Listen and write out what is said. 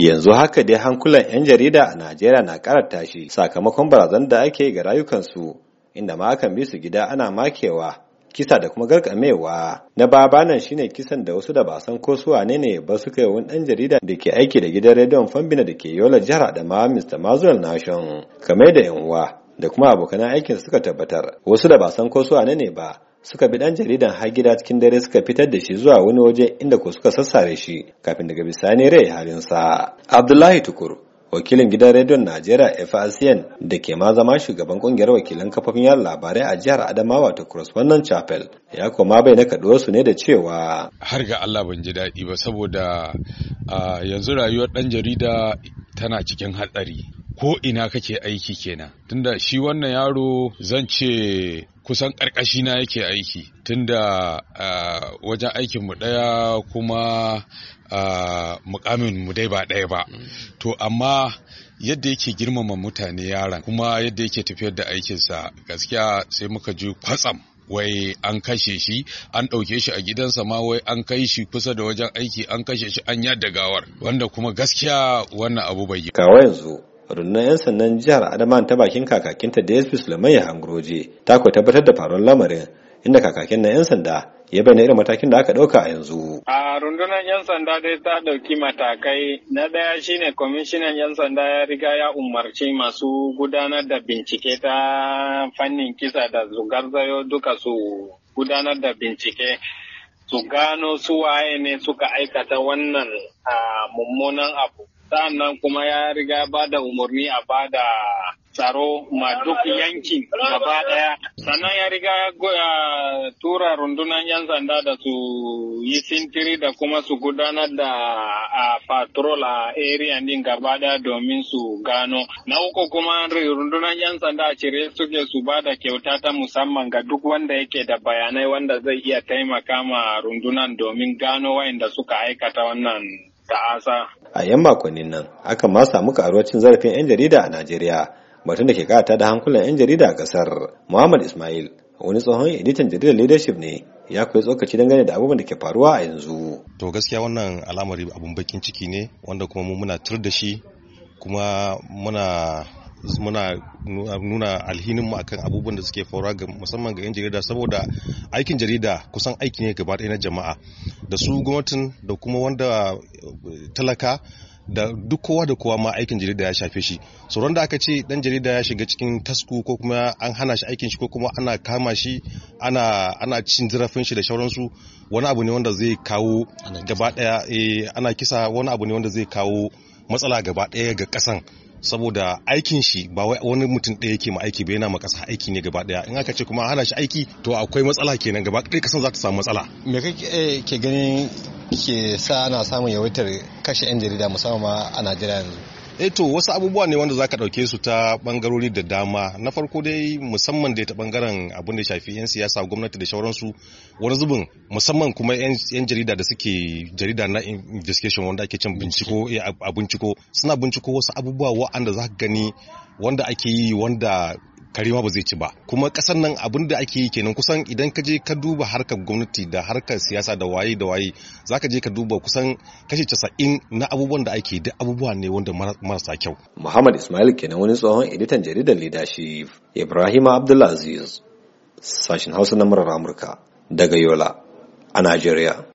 yanzu haka dai hankulan 'yan jarida a najeriya na ƙara tashi sakamakon barazan da ake ga rayukansu inda ma akan bi su gida ana makewa kisa da kuma garkamewa na babanan shine kisan da wasu da ba san ko suwa ne ne ba suka yi wani dan jarida da ke aiki da gidan rediyon fambina da ke yola jihar adama mr mazuwal nation kamar da yan uwa da kuma abokan aikin suka tabbatar wasu da ba san ko suwa ne ba suka bi dan jaridan har gida cikin dare suka fitar da shi zuwa wani waje inda ko suka sassare shi kafin daga bisani rai halinsa abdullahi tukur wakilin gidan rediyon najeriya fasn da ke ma zama shugaban kungiyar wakilan kafofin yada labarai a jihar adamawa ta wannan chapel ya koma bai na kaɗuwar su ne da cewa har ga allah ban ji daɗi ba saboda yanzu rayuwar dan jarida tana cikin hatsari ko ina kake aiki kenan tunda shi wannan yaro zan ce kusan karkashi na yake aiki tunda wajen aikin mu ɗaya kuma mukamin mu dai ba daya ba mm. to amma yadda yake girmama mutane yaran kuma yadda yake tafiyar da aikinsa gaskiya sai muka ji kwatsam wai an kashe shi an ɗauke shi a gidansa ma wai an kai shi kusa da wajen aiki an kashe shi an yadda gawar wanda kuma gaskiya wannan abu bai yi. yanzu rundunar 'yan sannan jihar Adaman ta bakin kakakinta dsp ya hangroje ta koyi tabbatar da faruwar lamarin inda kakakin na 'yan sanda ya bayyana irin matakin da aka ɗauka a yanzu. A rundunar 'yan sanda dai ta ɗauki matakai na ɗaya shine kwamishinan 'yan sanda ya riga ya umarci masu gudanar da bincike ta fannin kisa da zugar zayo duka su gudanar da bincike su gano su waye ne suka aikata wannan mummunan abu. sa'annan kuma ya riga ba da umarni a ba da tsaro ma duk yankin gaba daya sannan ya riga ya tura rundunar yan sanda da su yi sintiri da kuma su gudanar da a patrol a area din gaba daya domin su gano na uku kuma rundunar yan sanda a cire suke su ba da kyauta ta musamman ga duk wanda yake da bayanai wanda zai iya taimaka ma rundunan domin gano wayanda suka aikata wannan asa. A 'yan makonnin nan, aka ma samu karuwar cin zarafin 'yan jarida a Najeriya, batun da ke kata da hankulan 'yan jarida a ƙasar. Muhammad Ismail, wani tsohon editan jaridar leadership ne, ya kai tsokaci don dangane da abubuwan da ke faruwa a yanzu. To gaskiya wannan alamari abun bakin ciki ne, wanda kuma mu muna tur da shi, kuma muna muna nuna alhininmu akan abubuwan da suke faruwa musamman ga 'yan jarida saboda aikin jarida kusan aiki ne gaba na jama'a da su gwamnatin da kuma wanda eh, talaka da duk kowa da kowa ma aikin jarida ya shafe shi sauran da aka ce dan jarida ya shiga cikin tasku ko kuma an hana shi aikin shi ko kuma ana kama shi ana ana cin zarafin shi da sauransu wani abu ne wanda zai kawo gaba daya eh, ana kisa wani abu ne wanda zai kawo matsala gaba daya ga kasan saboda aikin shi ba wani mutum ɗaya yake ma aiki ba yana ma ƙasa aiki ne gaba ɗaya in aka ce kuma hana shi aiki to akwai matsala kenan gaba ɗaya kasan za ta samu matsala me kake eh, ke ganin ke sa ana samun yawaitar kashe 'yan jarida musamman a najeriya yanzu eto eh wasu abubuwa ne wanda za ka ɗauke su ta bangarori da dama na farko dai musamman da ta bangaren abin da shafi yan siyasa gwamnati da shauransu wani zubin musamman kuma yan jarida da suke jarida na investigation wanda ake cin binciko eh, a binciko suna binciko wasu abubuwa wa'anda zaka gani wanda ake yi wanda Karima ba zai ci ba kuma kasar nan abin da ake yi kenan kusan idan ka je ka duba harkar gwamnati da harkar siyasa da waye da waye ka je ka duba kusan kashi casa'in na abubuwan da ake duk abubuwa ne wanda marasa kyau Muhammad Ismail kenan wani tsohon editan jaridar Leadership Ibrahim Abdulaziz sashin Hausa na murar Amurka daga Yola a Najeriya